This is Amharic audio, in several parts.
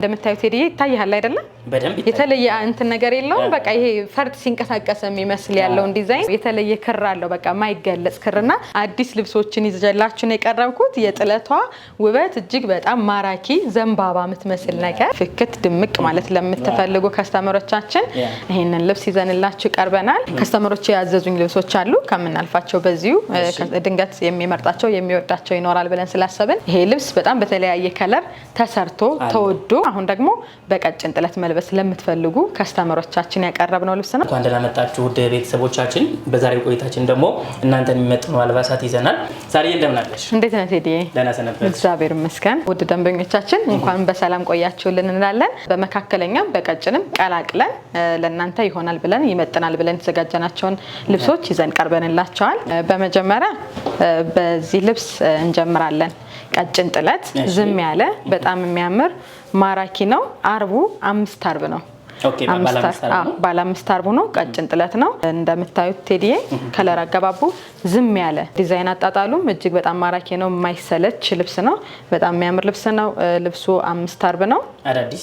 እንደምታዩት ሄድዬ ይታያል አይደለም? በደንብ የተለየ እንትን ነገር የለውም። በቃ ይሄ ፈርጥ ሲንቀሳቀስ የሚመስል ያለውን ዲዛይን የተለየ ክር አለው። በቃ ማይገለጽ ክርና አዲስ ልብሶችን ይዘላችሁ ነው የቀረብኩት። የጥለቷ ውበት እጅግ በጣም ማራኪ ዘንባባ የምትመስል ነገር ፍክት ድምቅ ማለት ለምትፈልጉ ከስተመሮቻችን ይህንን ልብስ ይዘንላችሁ ቀርበናል። ከስተመሮች ያዘዙኝ ልብሶች አሉ። ከምናልፋቸው በዚሁ ድንገት የሚመርጣቸው የሚወዳቸው ይኖራል ብለን ስላሰብን ይሄ ልብስ በጣም በተለያየ ከለር ተሰርቶ ተወዶ አሁን ደግሞ በቀጭን ጥለት መልበስ ለምትፈልጉ ከስተመሮቻችን ያቀረብነው ልብስ ነው። እንኳን ደህና መጣችሁ ውድ ቤተሰቦቻችን። በዛሬው ቆይታችን ደግሞ እናንተ የሚመጥኑ አልባሳት ይዘናል። ዛሬ እንደምናለሽ? እንዴት ነ ቴዲ? ደህና ሰነበት? እግዚአብሔር ይመስገን። ውድ ደንበኞቻችን እንኳን በሰላም ቆያችሁልን እንላለን። በመካከለኛም በቀጭንም ቀላቅለን ለእናንተ ይሆናል ብለን ይመጥናል ብለን የተዘጋጀናቸውን ልብሶች ይዘን ቀርበንላቸዋል። በመጀመሪያ በዚህ ልብስ እንጀምራለን። ቀጭን ጥለት ዝም ያለ በጣም የሚያምር ማራኪ ነው። አርቡ አምስት አርብ ነው። ባለ አምስት አርቡ ነው። ቀጭን ጥለት ነው እንደምታዩት ቴዲዬ። ከለር አገባቡ ዝም ያለ ዲዛይን አጣጣሉም እጅግ በጣም ማራኪ ነው። የማይሰለች ልብስ ነው። በጣም የሚያምር ልብስ ነው። ልብሱ አምስት አርብ ነው። አዳዲስ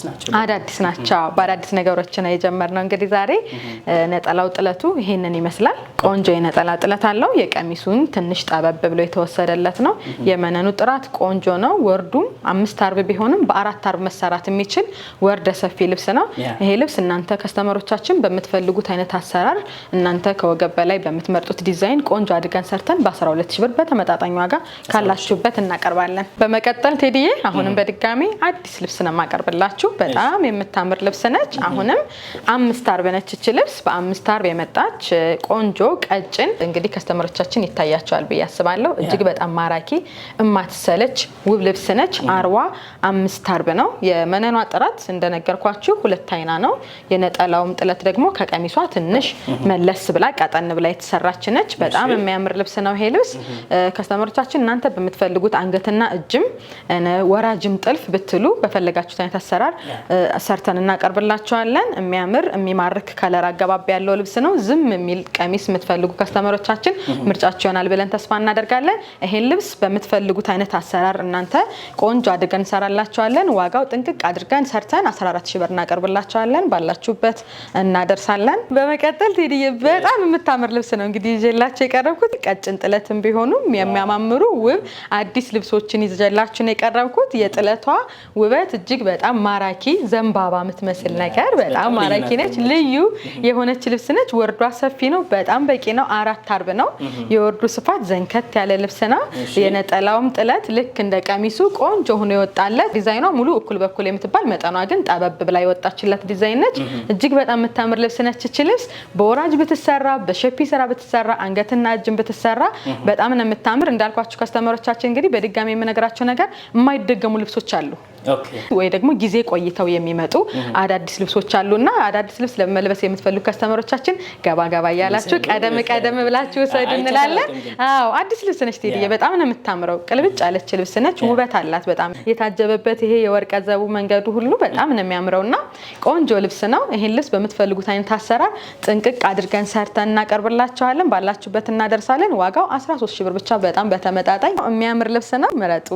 ናቸው። በአዳዲስ ነገሮች ነው የጀመርነው። እንግዲህ ዛሬ ነጠላው ጥለቱ ይሄንን ይመስላል። ቆንጆ የነጠላ ጥለት አለው። የቀሚሱን ትንሽ ጠበብ ብሎ የተወሰደለት ነው። የመነኑ ጥራት ቆንጆ ነው። ወርዱም አምስት አርብ ቢሆንም በአራት አርብ መሰራት የሚችል ወርደ ሰፊ ልብስ ነው ይሄ ልብስ እናንተ ከስተመሮቻችን በምትፈልጉት አይነት አሰራር እናንተ ከወገብ በላይ በምትመርጡት ዲዛይን ቆንጆ አድርገን ሰርተን በ12 ሺ ብር በተመጣጣኝ ዋጋ ካላችሁበት እናቀርባለን። በመቀጠል ቴዲዬ አሁንም በድጋሚ አዲስ ልብስ ነው የማቀርብላችሁ። በጣም የምታምር ልብስ ነች። አሁንም አምስት አርብ ነች እች ልብስ። በአምስት አርብ የመጣች ቆንጆ ቀጭን እንግዲህ ከስተመሮቻችን ይታያቸዋል ብዬ አስባለሁ። እጅግ በጣም ማራኪ እማትሰለች ውብ ልብስ ነች። አርዋ አምስት አርብ ነው። የመነኗ ጥራት እንደነገርኳችሁ ሁለት አይና ነው። የነጠላውም ጥለት ደግሞ ከቀሚሷ ትንሽ መለስ ብላ ቀጠን ብላ የተሰራች ነች። በጣም የሚያምር ልብስ ነው ይሄ ልብስ። ከስተመሮቻችን እናንተ በምትፈልጉት አንገትና እጅም ወራጅም ጥልፍ ብትሉ በፈለጋችሁት አይነት አሰራር ሰርተን እናቀርብላቸዋለን። የሚያምር የሚማርክ ከለር አገባቢ ያለው ልብስ ነው። ዝም የሚል ቀሚስ የምትፈልጉ ከስተመሮቻችን ምርጫችሁ ይሆናል ብለን ተስፋ እናደርጋለን። ይሄን ልብስ በምትፈልጉት አይነት አሰራር እናንተ ቆንጆ አድርገን እንሰራላቸዋለን። ዋጋው ጥንቅቅ አድርገን ሰርተን 14 ሺ ብር እናቀርብላቸዋለን። ባላችሁበት እናደርሳለን። በመቀጠል ቴዲዬ በጣም የምታምር ልብስ ነው እንግዲህ ይዤላችሁ የቀረብኩት ቀጭን ጥለትም ቢሆኑም የሚያማምሩ ውብ አዲስ ልብሶችን ይዤላችሁ ነው የቀረብኩት። የጥለቷ ውበት እጅግ በጣም ማራኪ ዘንባባ የምትመስል ነገር በጣም ማራኪ ነች። ልዩ የሆነች ልብስ ነች። ወርዷ ሰፊ ነው፣ በጣም በቂ ነው። አራት አርብ ነው የወርዱ ስፋት። ዘንከት ያለ ልብስ ነው። የነጠላውም ጥለት ልክ እንደ ቀሚሱ ቆንጆ ሆኖ ይወጣለት። ዲዛይኗ ሙሉ እኩል በኩል የምትባል መጠኗ ግን ጠበብ ብላ የወጣችለት ዲዛይን ዲዛይን ነች። እጅግ በጣም የምታምር ልብስ ነች። እች ልብስ በወራጅ ብትሰራ፣ በሸፒ ስራ ብትሰራ፣ አንገትና እጅን ብትሰራ በጣም ነው የምታምር። እንዳልኳችሁ ከስተመሮቻችን እንግዲህ በድጋሚ የምነግራቸው ነገር የማይደገሙ ልብሶች አሉ ወይ ደግሞ ጊዜ ቆይተው የሚመጡ አዳዲስ ልብሶች አሉ እና አዳዲስ ልብስ ለመልበስ የምትፈልጉ ከስተመሮቻችን ገባ ገባ እያላችሁ ቀደም ቀደም ብላችሁ ውሰዱ እንላለን። አዎ አዲስ ልብስ ነች ቴዲዬ፣ በጣም ነው የምታምረው። ቅልብጭ ያለች ልብስ ነች፣ ውበት አላት። በጣም የታጀበበት ይሄ የወርቀ ዘቡ መንገዱ ሁሉ በጣም ነው የሚያምረው እና ቆንጆ ቆንጆ ልብስ ነው። ይሄን ልብስ በምትፈልጉት አይነት አሰራር ጥንቅቅ አድርገን ሰርተን እናቀርብላቸዋለን። ባላችሁበት እናደርሳለን። ዋጋው 13 ሺ ብር ብቻ በጣም በተመጣጣኝ የሚያምር ልብስ ነው። ምረጡ።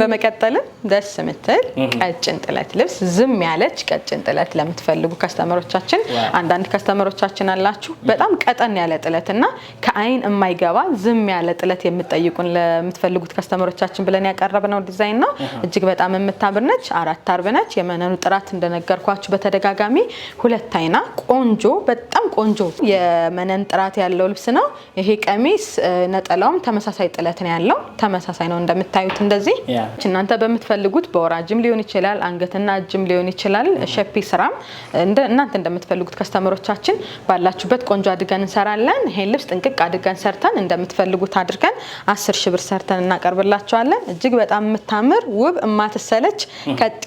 በመቀጠልም ደስ የምትል ቀጭን ጥለት ልብስ ዝም ያለች ቀጭን ጥለት ለምትፈልጉ ከስተመሮቻችን አንዳንድ ከስተመሮቻችን አላችሁ። በጣም ቀጠን ያለ ጥለት እና ከአይን የማይገባ ዝም ያለ ጥለት የምትጠይቁን ለምትፈልጉት ከስተመሮቻችን ብለን ያቀረብነው ዲዛይን ነው። እጅግ በጣም የምታምር ነች። አራት አርብ ነች። የመነኑ ጥራት እንደነገርኳችሁ በተደጋጋሚ ሁለት አይና ቆንጆ፣ በጣም ቆንጆ የመነን ጥራት ያለው ልብስ ነው ይሄ ቀሚስ። ነጠላውም ተመሳሳይ ጥለት ነው ያለው። ተመሳሳይ ነው እንደምታዩት እንደዚህ ይገኛል። እናንተ በምትፈልጉት በወራጅም ሊሆን ይችላል፣ አንገትና እጅም ሊሆን ይችላል። ሸፒ ስራም እናንተ እንደምትፈልጉት ከስተመሮቻችን ባላችሁበት ቆንጆ አድርገን እንሰራለን። ይሄን ልብስ ጥንቅቅ አድርገን ሰርተን እንደምትፈልጉት አድርገን አስር ሺ ብር ሰርተን እናቀርብላችኋለን። እጅግ በጣም የምታምር ውብ እማትሰለች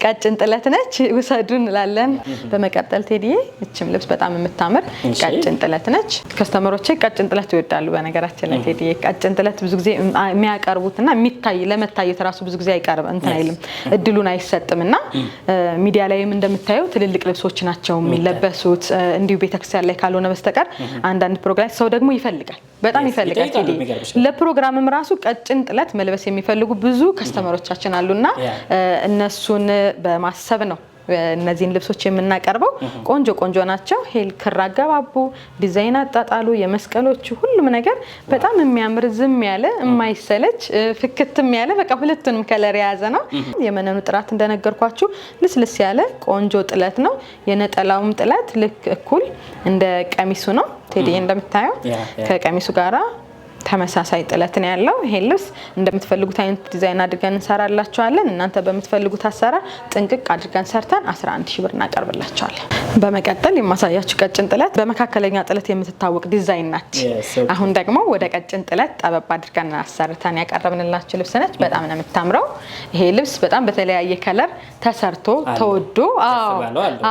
ቀጭን ጥለት ነች። ውሰዱ እንላለን። በመቀጠል ቴዲዬ እችም ልብስ በጣም የምታምር ቀጭን ጥለት ነች። ከስተመሮቼ ቀጭን ጥለት ይወዳሉ። በነገራችን ላይ ቴዲዬ ቀጭን ጥለት ብዙ ጊዜ የሚያቀርቡትና የሚታይ ለመታየት ራሱ ብዙ ጊዜ ጊዜ አይቀርም እንትን አይልም እድሉን አይሰጥም እና mm. ሚዲያ ላይም እንደምታየው ትልልቅ ልብሶች ናቸው mm. የሚለበሱት እንዲሁ ቤተክርስቲያን ላይ ካልሆነ በስተቀር mm-hmm. አንዳንድ ፕሮግራም ሰው ደግሞ ይፈልጋል በጣም ይፈልጋል ለፕሮግራምም ራሱ ቀጭን ጥለት መልበስ የሚፈልጉ ብዙ mm-hmm. ከስተመሮቻችን አሉና እነሱን በማሰብ ነው እነዚህን ልብሶች የምናቀርበው ቆንጆ ቆንጆ ናቸው። ሄል ክር አገባቡ፣ ዲዛይን አጣጣሉ፣ የመስቀሎቹ ሁሉም ነገር በጣም የሚያምር ዝም ያለ የማይሰለች ፍክትም ያለ በቃ ሁለቱንም ከለር የያዘ ነው። የመነኑ ጥራት እንደነገርኳችሁ ልስልስ ያለ ቆንጆ ጥለት ነው። የነጠላውም ጥለት ልክ እኩል እንደ ቀሚሱ ነው። ቴዲ እንደምታየው ከቀሚሱ ጋራ ተመሳሳይ ጥለት ነው ያለው። ይሄ ልብስ እንደምትፈልጉት አይነት ዲዛይን አድርገን እንሰራላችኋለን። እናንተ በምትፈልጉት አሰራር ጥንቅቅ አድርገን ሰርተን 11 ሺ ብር እናቀርብላችኋለን። በመቀጠል የማሳያችሁ ቀጭን ጥለት በመካከለኛ ጥለት የምትታወቅ ዲዛይን ናት። አሁን ደግሞ ወደ ቀጭን ጥለት ጠበብ አድርገን አሰርተን ያቀረብንላችሁ ልብስ ነች። በጣም ነው የምታምረው። ይሄ ልብስ በጣም በተለያየ ከለር ተሰርቶ ተወዶ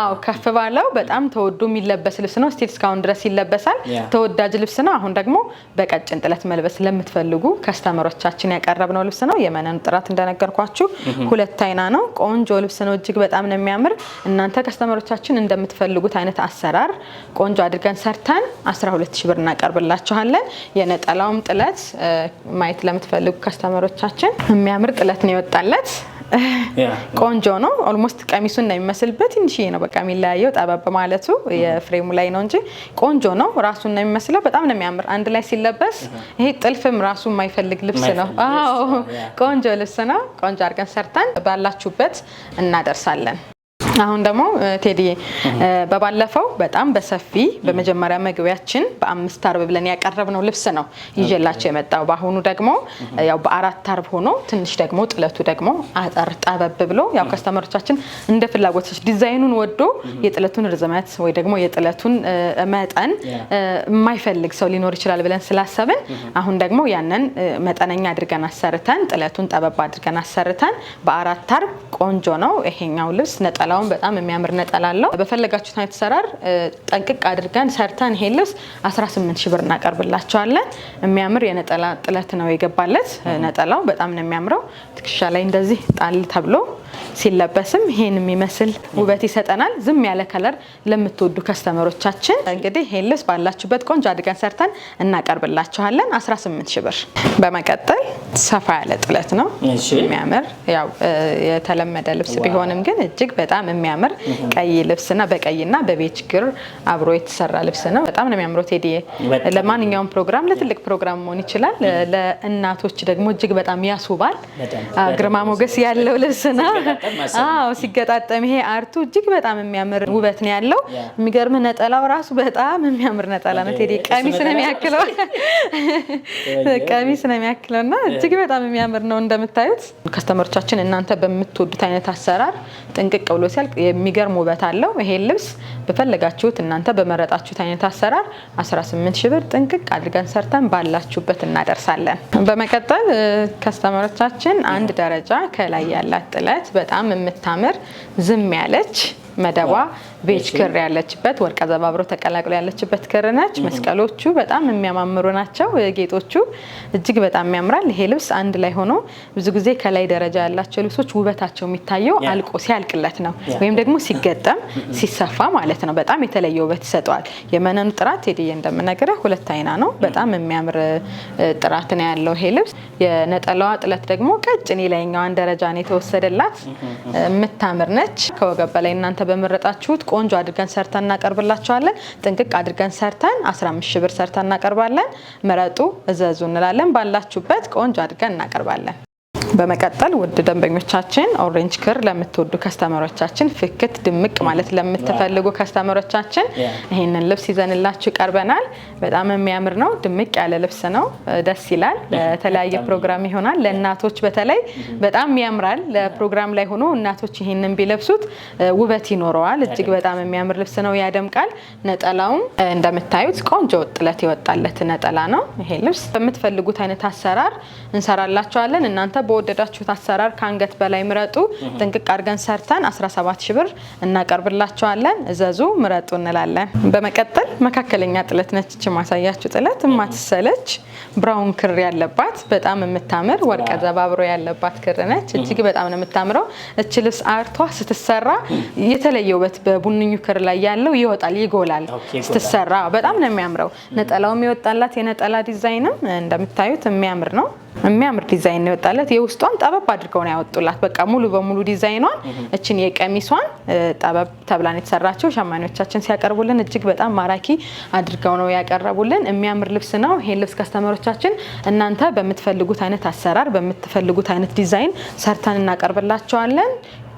አዎ ከፍ ባለው በጣም ተወዶ የሚለበስ ልብስ ነው። እስቲል እስካሁን ድረስ ይለበሳል። ተወዳጅ ልብስ ነው። አሁን ደግሞ በቀጭን ጥለት መልበስ ለምትፈልጉ ከስተመሮቻችን ያቀረብነው ልብስ ነው። የመነኑ ጥራት እንደነገርኳችሁ ሁለት አይና ነው። ቆንጆ ልብስ ነው። እጅግ በጣም ነው የሚያምር። እናንተ ከስተመሮቻችን እንደምትፈልጉት አይነት አሰራር ቆንጆ አድርገን ሰርተን 12 ሺ ብር እናቀርብላችኋለን። የነጠላውም ጥለት ማየት ለምትፈልጉ ከስተመሮቻችን የሚያምር ጥለት ነው የወጣለት ቆንጆ ነው። ኦልሞስት ቀሚሱን ነው የሚመስልበት። ትንሽዬ ነው በቃ የሚለያየው ጠበብ ማለቱ የፍሬሙ ላይ ነው እንጂ ቆንጆ ነው። ራሱን ነው የሚመስለው። በጣም ነው የሚያምር አንድ ላይ ሲለበስ። uh-huh. ይሄ ጥልፍም ራሱ የማይፈልግ ልብስ ነው። አዎ ቆንጆ ልብስ ነው። ቆንጆ አድርገን ሰርተን ባላችሁበት እናደርሳለን። አሁን ደግሞ ቴዲ በባለፈው በጣም በሰፊ በመጀመሪያ መግቢያችን በአምስት አርብ ብለን ያቀረብነው ልብስ ነው ይዤላቸው የመጣው። በአሁኑ ደግሞ ያው በአራት አርብ ሆኖ ትንሽ ደግሞ ጥለቱ ደግሞ አጠር ጠበብ ብሎ ያው ከስተመሮቻችን እንደ ፍላጎቶች ዲዛይኑን ወዶ የጥለቱን ርዝመት ወይ ደግሞ የጥለቱን መጠን የማይፈልግ ሰው ሊኖር ይችላል ብለን ስላሰብን አሁን ደግሞ ያንን መጠነኛ አድርገን አሰርተን ጥለቱን ጠበብ አድርገን አሰርተን በአራት አርብ ቆንጆ ነው ይሄኛው ልብስ ነጠላው አሁን በጣም የሚያምር ነጠላ አለው። በፈለጋችሁት አይነት ሰራር ጠንቅቅ አድርገን ሰርተን ይሄ ልብስ 18 ሺ ብር እናቀርብላቸዋለን። የሚያምር የነጠላ ጥለት ነው የገባለት። ነጠላው በጣም ነው የሚያምረው። ትከሻ ላይ እንደዚህ ጣል ተብሎ ሲለበስም ይሄን የሚመስል ውበት ይሰጠናል። ዝም ያለ ከለር ለምትወዱ ከስተመሮቻችን እንግዲህ ይሄን ልብስ ባላችሁበት ቆንጆ አድገን ሰርተን እናቀርብላችኋለን። 18 ሺ ብር። በመቀጠል ሰፋ ያለ ጥለት ነው የሚያምር ያው የተለመደ ልብስ ቢሆንም ግን እጅግ በጣም የሚያምር ቀይ ልብስና በቀይና በቤች ግር አብሮ የተሰራ ልብስ ነው። በጣም ነው የሚያምረው። ቴዲ ለማንኛውም ፕሮግራም፣ ለትልቅ ፕሮግራም መሆን ይችላል። ለእናቶች ደግሞ እጅግ በጣም ያስውባል። ግርማ ሞገስ ያለው ልብስ ነው። ሲገጣጠም ይሄ አርቱ እጅግ በጣም የሚያምር ውበት ነው ያለው። የሚገርም ነጠላው ራሱ በጣም የሚያምር ነጠላ ነው። ቴዲ ቀሚስ ነው የሚያክለው ቀሚስ ነው የሚያክለው እና እጅግ በጣም የሚያምር ነው እንደምታዩት። ከስተመሮቻችን እናንተ በምትወዱት አይነት አሰራር ጥንቅቅ ብሎ ሲያልቅ የሚገርም ውበት አለው። ይሄን ልብስ በፈለጋችሁት እናንተ በመረጣችሁት አይነት አሰራር 18 ሺህ ብር ጥንቅቅ አድርገን ሰርተን ባላችሁበት እናደርሳለን። በመቀጠል ከስተመሮቻችን አንድ ደረጃ ከላይ ያላት ጥለት በጣም የምታምር ዝም ያለች መደቧ ቤጅ ክር ያለችበት ወርቀ ዘባብሮ ተቀላቅሎ ያለችበት ክር ነች። መስቀሎቹ በጣም የሚያማምሩ ናቸው። ጌጦቹ እጅግ በጣም ያምራል። ይሄ ልብስ አንድ ላይ ሆኖ ብዙ ጊዜ ከላይ ደረጃ ያላቸው ልብሶች ውበታቸው የሚታየው አልቆ ሲያልቅለት ነው፣ ወይም ደግሞ ሲገጠም ሲሰፋ ማለት ነው። በጣም የተለየ ውበት ይሰጠዋል። የመነኑ ጥራት ቴዲዬ እንደምነገረ ሁለት አይና ነው። በጣም የሚያምር ጥራት ነው ያለው ይሄ ልብስ። የነጠላዋ ጥለት ደግሞ ቀጭን ላይኛዋን ደረጃ ነው የተወሰደላት። የምታምር ነች ከወገብ በላይ እናንተ በመረጣችሁት ቆንጆ አድርገን ሰርተን እናቀርብላቸዋለን። ጥንቅቅ አድርገን ሰርተን 15 ሺ ብር ሰርተን እናቀርባለን። ምረጡ፣ እዘዙ እንላለን። ባላችሁበት ቆንጆ አድርገን እናቀርባለን። በመቀጠል ውድ ደንበኞቻችን ኦሬንጅ ክር ለምትወዱ ከስተመሮቻችን ፍክት ድምቅ ማለት ለምትፈልጉ ከስተመሮቻችን ይህንን ልብስ ይዘንላችሁ ቀርበናል። በጣም የሚያምር ነው። ድምቅ ያለ ልብስ ነው። ደስ ይላል። ለተለያየ ፕሮግራም ይሆናል። ለእናቶች በተለይ በጣም ያምራል። ለፕሮግራም ላይ ሆኖ እናቶች ይህንን ቢለብሱት ውበት ይኖረዋል። እጅግ በጣም የሚያምር ልብስ ነው። ያደምቃል። ነጠላውም እንደምታዩት ቆንጆ ጥለት የወጣለት ነጠላ ነው። ይሄ ልብስ በምትፈልጉት አይነት አሰራር እንሰራላችኋለን እናንተ በወደዳችሁት አሰራር ከአንገት በላይ ምረጡ። ጥንቅቅ አድርገን ሰርተን 17 ሺህ ብር እናቀርብላችኋለን። እዘዙ፣ ምረጡ እንላለን። በመቀጠል መካከለኛ ጥለት ነች ማሳያችሁ ጥለት ማትሰለች ብራውን ክር ያለባት በጣም የምታምር ወርቀ ዘባብሮ ያለባት ክር ነች። እጅግ በጣም ነው የምታምረው። እች ልብስ አርቷ ስትሰራ የተለየ ውበት በቡንኙ ክር ላይ ያለው ይወጣል፣ ይጎላል። ስትሰራ በጣም ነው የሚያምረው። ነጠላውም የወጣላት የነጠላ ዲዛይንም እንደምታዩት የሚያምር ነው። የሚያምር ዲዛይን ነው የወጣለት። የውስጧን ጠበብ አድርገው ነው ያወጡላት። በቃ ሙሉ በሙሉ ዲዛይኗን እችን የቀሚሷን ጠበብ ተብላን የተሰራቸው ሸማኔዎቻችን ሲያቀርቡልን እጅግ በጣም ማራኪ አድርገው ነው ያቀረቡልን። የሚያምር ልብስ ነው። ይሄን ልብስ ከስተመሮቻችን እናንተ በምትፈልጉት አይነት አሰራር፣ በምትፈልጉት አይነት ዲዛይን ሰርተን እናቀርብላቸዋለን።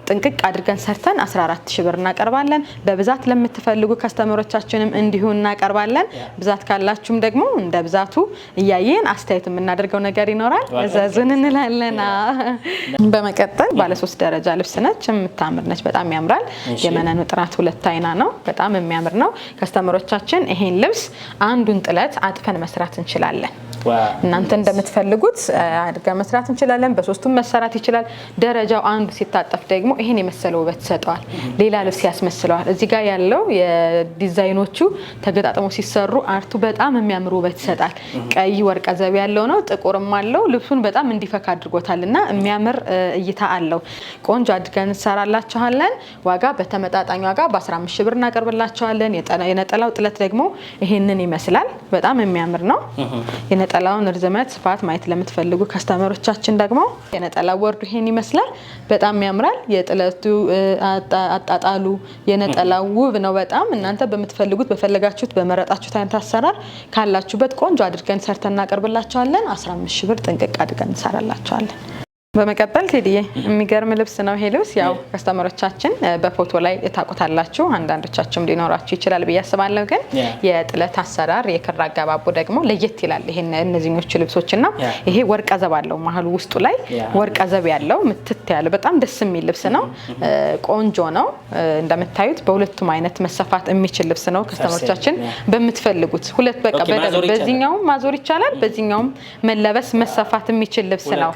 ጥንቅቅ አድርገን ሰርተን 14 ሺህ ብር እናቀርባለን። በብዛት ለምትፈልጉ ከስተመሮቻችንም እንዲሁ እናቀርባለን። ብዛት ካላችሁም ደግሞ እንደ ብዛቱ እያየን አስተያየት የምናደርገው ነገር ይኖራል። እዘዙን እንላለን። በመቀጠል ባለሶስት ደረጃ ልብስ ነች። የምታምር ነች። በጣም ያምራል። የመነኑ ጥራት ሁለት አይና ነው። በጣም የሚያምር ነው። ከስተመሮቻችን ይሄን ልብስ አንዱን ጥለት አጥፈን መስራት እንችላለን። እናንተ እንደምትፈልጉት አድርገን መስራት እንችላለን። በሶስቱም መሰራት ይችላል። ደረጃው አንዱ ሲታጠፍ ደግሞ ይሄን የመሰለ ውበት ይሰጠዋል፣ ሌላ ልብስ ያስመስለዋል። እዚህ ጋር ያለው የዲዛይኖቹ ተገጣጥሞ ሲሰሩ አርቱ በጣም የሚያምር ውበት ይሰጣል። ቀይ ወርቀ ዘብ ያለው ነው፣ ጥቁርም አለው። ልብሱን በጣም እንዲፈካ አድርጎታል እና የሚያምር እይታ አለው። ቆንጆ አድርገን እንሰራላችኋለን። ዋጋ በተመጣጣኝ ዋጋ በ15 ብር እናቀርብላችኋለን። የነጠላው ጥለት ደግሞ ይሄንን ይመስላል። በጣም የሚያምር ነው። የነጠላውን እርዝመት ስፋት ማየት ለምትፈልጉ ከስተመሮቻችን ደግሞ የነጠላ ወርዱ ይሄን ይመስላል። በጣም ያምራል። የጥለቱ አጣጣሉ የነጠላው ውብ ነው በጣም እናንተ በምትፈልጉት በፈለጋችሁት በመረጣችሁት አይነት አሰራር ካላችሁበት ቆንጆ አድርገን ሰርተን እናቀርብላቸዋለን። 15 ሺ ብር ጥንቅቅ አድርገን እንሰራላቸዋለን። በመቀጠል ቴዲዬ የሚገርም ልብስ ነው ይሄ ልብስ። ያው ከስተመሮቻችን በፎቶ ላይ ታውቁታላችሁ፣ አንዳንዶቻችሁም ሊኖራችሁ ይችላል ብዬ አስባለሁ። ግን የጥለት አሰራር የክር አጋባቡ ደግሞ ለየት ይላል። ይሄ እነዚህኞቹ ልብሶች ና ይሄ ወርቀ ዘብ አለው መሀሉ ውስጡ ላይ ወርቀ ዘብ ያለው ምትት ያለ በጣም ደስ የሚል ልብስ ነው። ቆንጆ ነው። እንደምታዩት በሁለቱም አይነት መሰፋት የሚችል ልብስ ነው። ከስተመሮቻችን በምትፈልጉት ሁለት በቃ በዚኛውም ማዞር ይቻላል፣ በዚኛውም መለበስ መሰፋት የሚችል ልብስ ነው።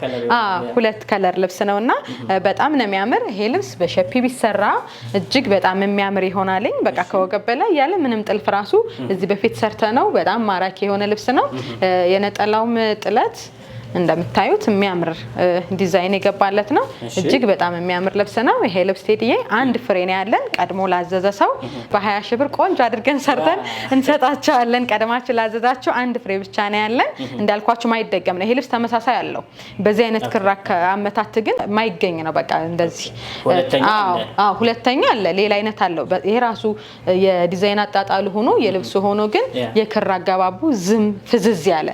ሁለት ከለር ልብስ ነው እና በጣም ነው የሚያምር። ይሄ ልብስ በሸፒ ቢሰራ እጅግ በጣም የሚያምር ይሆናልኝ። በቃ ከወገብ በላይ ያለ ምንም ጥልፍ ራሱ እዚህ በፊት ሰርተ ነው በጣም ማራኪ የሆነ ልብስ ነው። የነጠላውም ጥለት እንደምታዩት የሚያምር ዲዛይን የገባለት ነው። እጅግ በጣም የሚያምር ልብስ ነው። ይሄ ልብስ ቴዲዬ አንድ ፍሬ ነው ያለን። ቀድሞ ላዘዘ ሰው በሀያ ሺህ ብር ቆንጆ አድርገን ሰርተን እንሰጣቸዋለን። ቀድማችን ላዘዛቸው አንድ ፍሬ ብቻ ነው ያለን። እንዳልኳችሁ ማይደገም ነው። ይሄ ልብስ ተመሳሳይ አለው። በዚህ አይነት ክራ አመታት ግን ማይገኝ ነው። በቃ እንደዚህ ሁለተኛ አለ፣ ሌላ አይነት አለው። ይሄ ራሱ የዲዛይን አጣጣሉ ሆኖ የልብሱ ሆኖ ግን የክር አገባቡ ዝም ፍዝዝ ያለ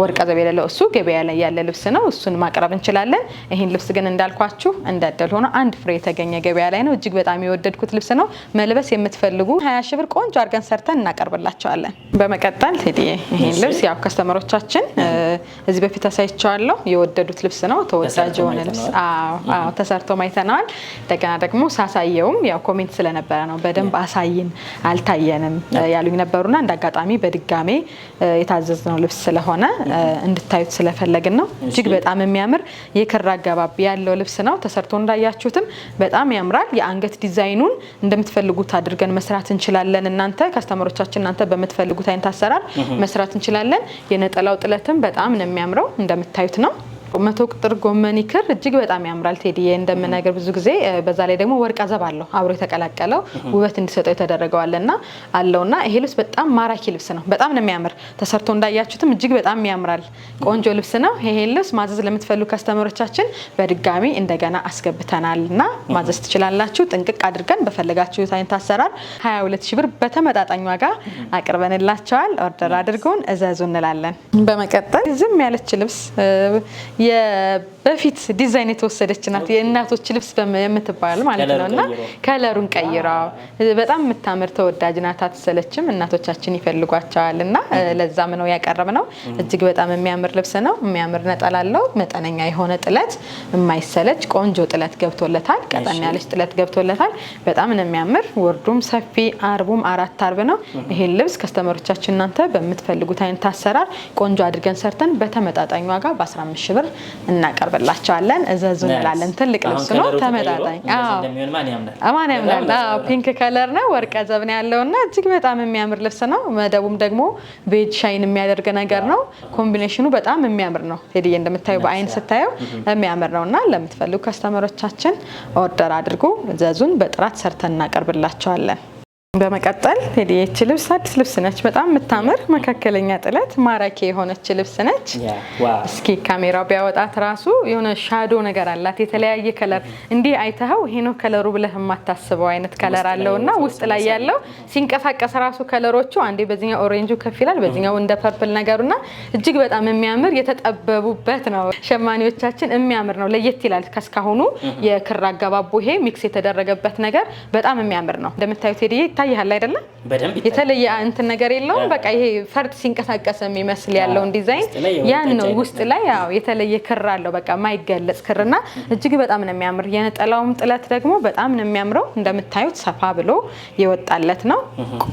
ወርቅ ዘብ የሌለው እሱ ገበያ ላይ ያለ ልብስ ነው። እሱን ማቅረብ እንችላለን። ይህን ልብስ ግን እንዳልኳችሁ እንዳደል ሆኖ አንድ ፍሬ የተገኘ ገበያ ላይ ነው። እጅግ በጣም የወደድኩት ልብስ ነው። መልበስ የምትፈልጉ ሀያ ሺ ብር ቆንጆ አድርገን ሰርተን እናቀርብላቸዋለን። በመቀጠል ቴዲዬ ይህን ልብስ ያው ከስተመሮቻችን እዚህ በፊት አሳይቸዋለሁ። የወደዱት ልብስ ነው። ተወዳጅ የሆነ ልብስ ተሰርቶ ማይተነዋል። እንደገና ደግሞ ሳሳየውም ያው ኮሜንት ስለነበረ ነው በደንብ አሳይን አልታየንም ያሉኝ ነበሩና እንደ አጋጣሚ በድጋሜ የታዘዝነው ልብስ ስለሆነ እንድታዩት ስለፈለግን ነው። እጅግ በጣም የሚያምር የክር አጋባቢ ያለው ልብስ ነው። ተሰርቶ እንዳያችሁትም በጣም ያምራል። የአንገት ዲዛይኑን እንደምትፈልጉት አድርገን መስራት እንችላለን። እናንተ ከስተመሮቻችን እናንተ በምትፈልጉት አይነት አሰራር መስራት እንችላለን። የነጠላው ጥለትም በጣም ነው የሚያምረው እንደምታዩት ነው። መቶ ቁጥር ጎመን ይክር እጅግ በጣም ያምራል ቴዲዬ እንደምነገር ብዙ ጊዜ በዛ ላይ ደግሞ ወርቅ አዘብ አለው አብሮ የተቀላቀለው ውበት እንዲሰጠው የተደረገዋል ና አለው ና ይሄ ልብስ በጣም ማራኪ ልብስ ነው። በጣም ነው የሚያምር ተሰርቶ እንዳያችሁትም እጅግ በጣም ያምራል። ቆንጆ ልብስ ነው። ይሄን ልብስ ማዘዝ ለምትፈልጉ ከስተመሮቻችን በድጋሚ እንደገና አስገብተናል ና ማዘዝ ትችላላችሁ። ጥንቅቅ አድርገን በፈለጋችሁት አይነት አሰራር 22 ሺህ ብር በተመጣጣኝ ዋጋ አቅርበንላቸዋል። ኦርደር አድርገውን እዘዙ እንላለን። በመቀጠል ዝም ያለች ልብስ በፊት ዲዛይን የተወሰደች ናት የእናቶች ልብስ የምትባል ማለት ነው። እና ከለሩን ቀይራ በጣም የምታምር ተወዳጅ ናት፣ አትሰለችም። እናቶቻችን ይፈልጓቸዋል እና ለዛም ነው ያቀረብ ነው። እጅግ በጣም የሚያምር ልብስ ነው። የሚያምር ነጠላ አለው፣ መጠነኛ የሆነ ጥለት፣ የማይሰለች ቆንጆ ጥለት ገብቶለታል። ቀጠን ያለች ጥለት ገብቶለታል። በጣም ነው የሚያምር። ወርዱም ሰፊ፣ አርቡም አራት አርብ ነው። ይህን ልብስ ከስተመሮቻችን እናንተ በምትፈልጉት አይነት አሰራር ቆንጆ አድርገን ሰርተን በተመጣጣኝ ዋጋ በ15 ሺ ብር እናቀርብላቸዋለን። እዘዙ እንላለን። ትልቅ ልብስ ነው፣ ተመጣጣኝ ማን ያምናል። ፒንክ ከለር ነው፣ ወርቀ ዘብ ነው ያለው እና እጅግ በጣም የሚያምር ልብስ ነው። መደቡም ደግሞ ቤጅ ሻይን የሚያደርግ ነገር ነው። ኮምቢኔሽኑ በጣም የሚያምር ነው። ቴዲዬ እንደምታዩ በአይን ስታየው mm-hmm. የሚያምር ነው እና ለምትፈልጉ ከስተመሮቻችን ኦርደር አድርጉ። እዘዙን በጥራት ሰርተን እናቀርብላቸዋለን። በመቀጠል የዲኤች ልብስ አዲስ ልብስ ነች። በጣም የምታምር መካከለኛ ጥለት ማራኪ የሆነች ልብስ ነች። እስኪ ካሜራ ቢያወጣት ራሱ የሆነ ሻዶ ነገር አላት። የተለያየ ከለር እንዲህ አይተኸው ይሄ ነው ከለሩ ብለህ የማታስበው አይነት ከለር አለው እና ውስጥ ላይ ያለው ሲንቀሳቀስ ራሱ ከለሮቹ አንዴ በዚኛው ኦሬንጁ ከፍ ይላል፣ በዚኛው እንደ ፐርፕል ነገሩና እጅግ በጣም የሚያምር የተጠበቡበት ነው። ሸማኔዎቻችን የሚያምር ነው፣ ለየት ይላል። ከስካሁኑ የክር አገባቦ ይሄ ሚክስ የተደረገበት ነገር በጣም የሚያምር ነው። እንደምታዩት ሄዲዬ ይታይሃል አይደለም? የተለየ እንትን ነገር የለውም። በቃ ይሄ ፈርጥ ሲንቀሳቀስ የሚመስል ያለውን ዲዛይን ያን ነው። ውስጥ ላይ ያው የተለየ ክር አለው። በቃ ማይገለጽ ክርና እጅግ በጣም ነው የሚያምር። የነጠላውም ጥለት ደግሞ በጣም ነው የሚያምረው። እንደምታዩት ሰፋ ብሎ የወጣለት ነው።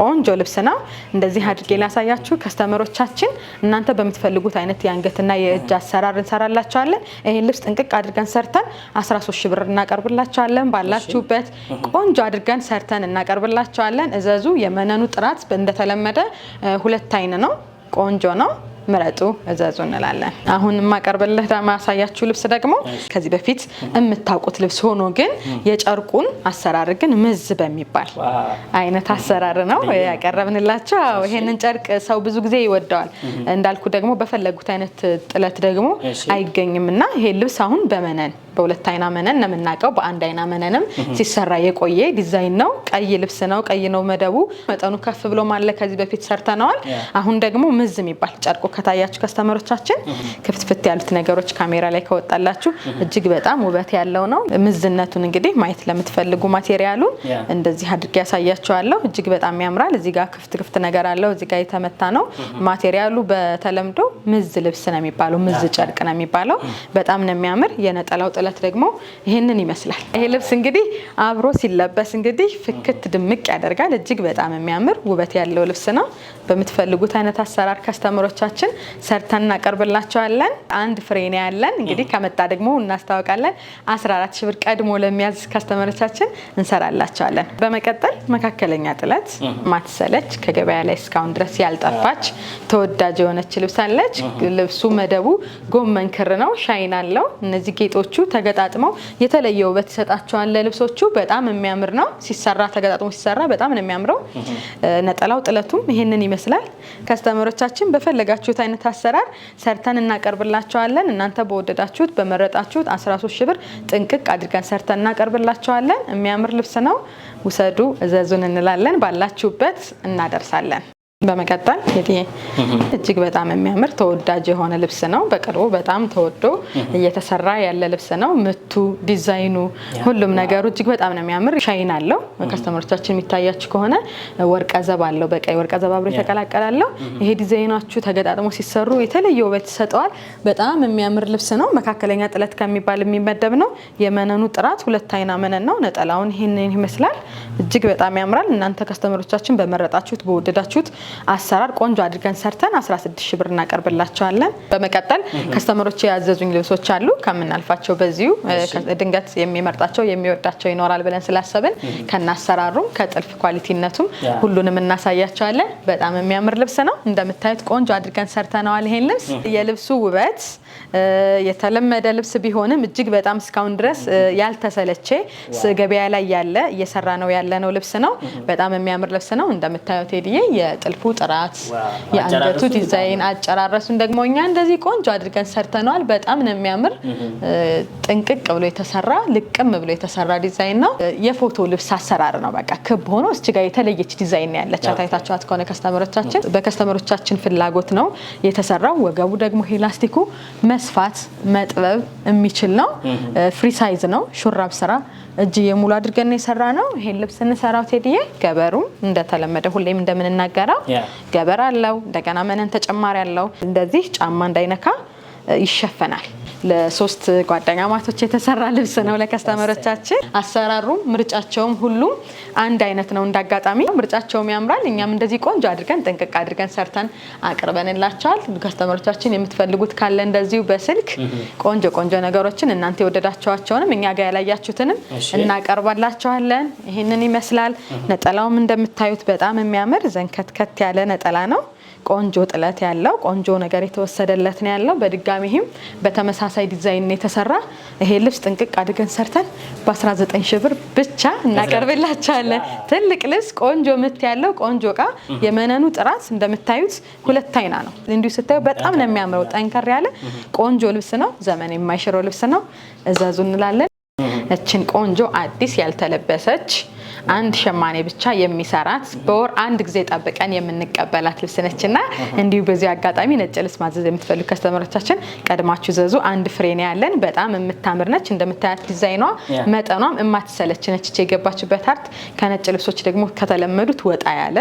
ቆንጆ ልብስ ነው። እንደዚህ አድርጌ ላሳያችሁ ከስተመሮቻችን። እናንተ በምትፈልጉት አይነት የአንገትና የእጅ አሰራር እንሰራላቸዋለን። ይህን ልብስ ጥንቅቅ አድርገን ሰርተን 13 ሺ ብር እናቀርብላቸዋለን። ባላችሁበት ቆንጆ አድርገን ሰርተን እናቀርብላቸዋለን። እናቀርባለን። እዘዙ። የመነኑ ጥራት እንደተለመደ ሁለት አይን ነው። ቆንጆ ነው። ምረጡ፣ እዘዙ እንላለን። አሁን የማቀርብልህ ማሳያችሁ ልብስ ደግሞ ከዚህ በፊት የምታውቁት ልብስ ሆኖ ግን የጨርቁን አሰራር ግን ምዝ በሚባል አይነት አሰራር ነው ያቀረብንላቸው። ይሄንን ጨርቅ ሰው ብዙ ጊዜ ይወደዋል። እንዳልኩ ደግሞ በፈለጉት አይነት ጥለት ደግሞ አይገኝም እና ይሄ ልብስ አሁን በመነን በሁለት አይና መነን ነው የምናውቀው። በአንድ አይና መነንም ሲሰራ የቆየ ዲዛይን ነው። ቀይ ልብስ ነው፣ ቀይ ነው መደቡ። መጠኑ ከፍ ብሎ ማለ ከዚህ በፊት ሰርተነዋል። አሁን ደግሞ ምዝ የሚባል ጨርቁ ከታያችሁ ከስተመሮቻችን ክፍትፍት ያሉት ነገሮች ካሜራ ላይ ከወጣላችሁ እጅግ በጣም ውበት ያለው ነው። ምዝነቱን እንግዲህ ማየት ለምትፈልጉ ማቴሪያሉን እንደዚህ አድርጌ ያሳያችኋለሁ። እጅግ በጣም ያምራል። እዚህ ጋር ክፍት ክፍት ነገር አለው። እዚህ ጋር የተመታ ነው ማቴሪያሉ። በተለምዶ ምዝ ልብስ ነው የሚባለው፣ ምዝ ጨርቅ ነው የሚባለው። በጣም ነው የሚያምር የነጠላው ጥለ ጥለት ደግሞ ይህንን ይመስላል። ይሄ ልብስ እንግዲህ አብሮ ሲለበስ እንግዲህ ፍክት ድምቅ ያደርጋል። እጅግ በጣም የሚያምር ውበት ያለው ልብስ ነው። በምትፈልጉት አይነት አሰራር ከስተምሮቻችን ሰርተን እናቀርብላቸዋለን። አንድ ፍሬን ያለን። እንግዲህ ከመጣ ደግሞ እናስታወቃለን። 14 ሺ ብር ቀድሞ ለሚያዝ ከስተመሮቻችን እንሰራላቸዋለን። በመቀጠል መካከለኛ ጥለት ማትሰለች ከገበያ ላይ እስካሁን ድረስ ያልጠፋች ተወዳጅ የሆነች ልብስ አለች። ልብሱ መደቡ ጎመን ክር ነው፣ ሻይን አለው። እነዚህ ጌጦቹ ተገጣጥመው የተለየ ውበት ይሰጣቸዋል። ለልብሶቹ በጣም የሚያምር ነው ሲሰራ፣ ተገጣጥሞ ሲሰራ በጣም ነው የሚያምረው። ነጠላው ጥለቱም ይሄንን ይመስላል። ከስተመሮቻችን በፈለጋችሁት አይነት አሰራር ሰርተን እናቀርብላቸዋለን። እናንተ በወደዳችሁት በመረጣችሁት 13 ሺ ብር ጥንቅቅ አድርገን ሰርተን እናቀርብላቸዋለን። የሚያምር ልብስ ነው። ውሰዱ፣ እዘዙን እንላለን። ባላችሁበት እናደርሳለን። በመቀጠል እንግዲህ እጅግ በጣም የሚያምር ተወዳጅ የሆነ ልብስ ነው። በቅርቡ በጣም ተወዶ እየተሰራ ያለ ልብስ ነው። ምቱ፣ ዲዛይኑ፣ ሁሉም ነገሩ እጅግ በጣም ነው የሚያምር። ሻይን አለው። ከስተመሮቻችን የሚታያችሁ ከሆነ ወርቀ ዘብ አለው። በቀይ ወርቀ ዘብ አብሮ የተቀላቀላለው ይሄ ዲዛይናችሁ ተገጣጥሞ ሲሰሩ የተለየ ውበት ይሰጠዋል። በጣም የሚያምር ልብስ ነው። መካከለኛ ጥለት ከሚባል የሚመደብ ነው። የመነኑ ጥራት ሁለት አይና መነን ነው። ነጠላውን ይህንን ይመስላል። እጅግ በጣም ያምራል። እናንተ ከስተመሮቻችን በመረጣችሁት በወደዳችሁት አሰራር ቆንጆ አድርገን ሰርተን 16 ሺ ብር እናቀርብላቸዋለን። በመቀጠል ከስተመሮች ያዘዙኝ ልብሶች አሉ። ከምናልፋቸው በዚሁ ድንገት የሚመርጣቸው የሚወዳቸው ይኖራል ብለን ስላሰብን ከናሰራሩም ከጥልፍ ኳሊቲነቱም ሁሉንም እናሳያቸዋለን። በጣም የሚያምር ልብስ ነው። እንደምታዩት ቆንጆ አድርገን ሰርተነዋል። ይሄን ልብስ የልብሱ ውበት የተለመደ ልብስ ቢሆንም እጅግ በጣም እስካሁን ድረስ ያልተሰለቼ ገበያ ላይ ያለ እየሰራ ነው ያለ ነው ልብስ ነው። በጣም የሚያምር ልብስ ነው እንደምታየው ቴዲዬ፣ የጥልፉ ጥራት፣ የአንገቱ ዲዛይን፣ አጨራረሱን ደግሞ እኛ እንደዚህ ቆንጆ አድርገን ሰርተነዋል። በጣም ነው የሚያምር ጥንቅቅ ብሎ የተሰራ ልቅም ብሎ የተሰራ ዲዛይን ነው። የፎቶ ልብስ አሰራር ነው። በቃ ክብ ሆኖ እስች ጋር የተለየች ዲዛይን ያለች ታይታችኋት ከሆነ ከስተመሮቻችን በከስተመሮቻችን ፍላጎት ነው የተሰራው። ወገቡ ደግሞ ሄላስቲኩ መስፋት መጥበብ የሚችል ነው። ፍሪ ሳይዝ ነው። ሹራብ ስራ እጅ ሙሉ አድርገን የሰራ ነው። ይሄን ልብስ እንሰራው ቴዲዬ። ገበሩ እንደተለመደ ሁሌም እንደምንናገረው ገበር አለው። እንደገና መነን ተጨማሪ አለው። እንደዚህ ጫማ እንዳይነካ ይሸፈናል። ለሶስት ጓደኛ ማቶች የተሰራ ልብስ ነው ለከስተመሮቻችን። አሰራሩም ምርጫቸውም ሁሉም አንድ አይነት ነው። እንዳጋጣሚ ምርጫቸውም ያምራል። እኛም እንደዚህ ቆንጆ አድርገን ጥንቅቅ አድርገን ሰርተን አቅርበንላቸዋል። ከስተመሮቻችን የምትፈልጉት ካለ እንደዚሁ በስልክ ቆንጆ ቆንጆ ነገሮችን እናንተ የወደዳቸዋቸውንም እኛ ጋር ያላያችሁትንም እናቀርባላቸዋለን። ይህንን ይመስላል። ነጠላውም እንደምታዩት በጣም የሚያምር ዘንከትከት ያለ ነጠላ ነው። ቆንጆ ጥለት ያለው ቆንጆ ነገር የተወሰደለት ነው ያለው። በድጋሚም በተመሳሳይ ዲዛይን የተሰራ ይሄ ልብስ ጥንቅቅ አድገን ሰርተን በ19 ሺ ብር ብቻ እናቀርብላቸዋለን። ትልቅ ልብስ ቆንጆ ምት ያለው ቆንጆ እቃ። የመነኑ ጥራት እንደምታዩት ሁለት አይና ነው። እንዲሁ ስታዩ በጣም ነው የሚያምረው። ጠንከር ያለ ቆንጆ ልብስ ነው። ዘመን የማይሽረው ልብስ ነው። እዘዙ እንላለን። እችን ቆንጆ አዲስ ያልተለበሰች አንድ ሸማኔ ብቻ የሚሰራት በወር አንድ ጊዜ ጠብቀን የምንቀበላት ልብስ ነች እና እንዲሁ በዚህ አጋጣሚ ነጭ ልብስ ማዘዝ የምትፈልጉ ከስተመሮቻችን ቀድማችሁ ዘዙ። አንድ ፍሬ ነው ያለን። በጣም የምታምር ነች። እንደምታያት ዲዛይኗ፣ መጠኗም የማትሰለች ነች። የገባችበት አርት ከነጭ ልብሶች ደግሞ ከተለመዱት ወጣ ያለ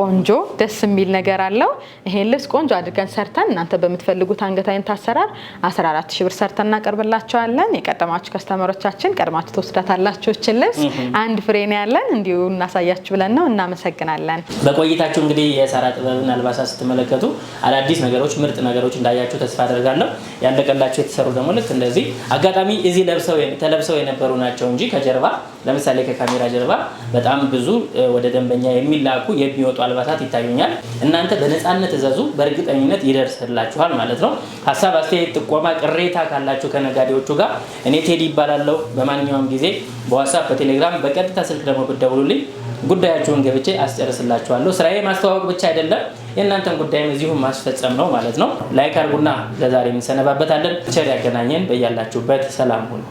ቆንጆ ደስ የሚል ነገር አለው። ይሄን ልብስ ቆንጆ አድርገን ሰርተን እናንተ በምትፈልጉት አንገት አይነት አሰራር 14 ሺህ ብር ሰርተን እናቀርብላቸዋለን። የቀደማችሁ ከስተመሮቻችን ቀድማችሁ ተወስዳታላችሁ። ይችን ልብስ አንድ ፍሬ ነው ያለን። እንዲሁ እናሳያችሁ ብለን ነው። እናመሰግናለን። በቆይታችሁ እንግዲህ የሳራ ጥበብን አልባሳት ስትመለከቱ አዳዲስ ነገሮች፣ ምርጥ ነገሮች እንዳያችሁ ተስፋ አደርጋለሁ። ያለቀላቸው የተሰሩ ደግሞ ልክ እንደዚህ አጋጣሚ እዚህ ለብሰው ተለብሰው የነበሩ ናቸው እንጂ ከጀርባ ለምሳሌ ከካሜራ ጀርባ በጣም ብዙ ወደ ደንበኛ የሚላኩ የሚወጡ አልባሳት ይታዩኛል። እናንተ በነፃነት እዘዙ፣ በእርግጠኝነት ይደርስላችኋል ማለት ነው። ሀሳብ፣ አስተያየት፣ ጥቆማ፣ ቅሬታ ካላችሁ ከነጋዴዎቹ ጋር እኔ ቴዲ ይባላለሁ። በማንኛውም ጊዜ በዋትሳፕ በቴሌግራም በቀጥታ ስልክ ደግሞ ብደውሉልኝ ጉዳያችሁን ገብቼ አስጨርስላችኋለሁ። ስራዬ ማስተዋወቅ ብቻ አይደለም፣ የእናንተን ጉዳይም እዚሁ ማስፈጸም ነው ማለት ነው። ላይክ አርጉና ለዛሬ የምንሰነባበታለን። ቸር ያገናኘን። በያላችሁበት ሰላም ሁኑ።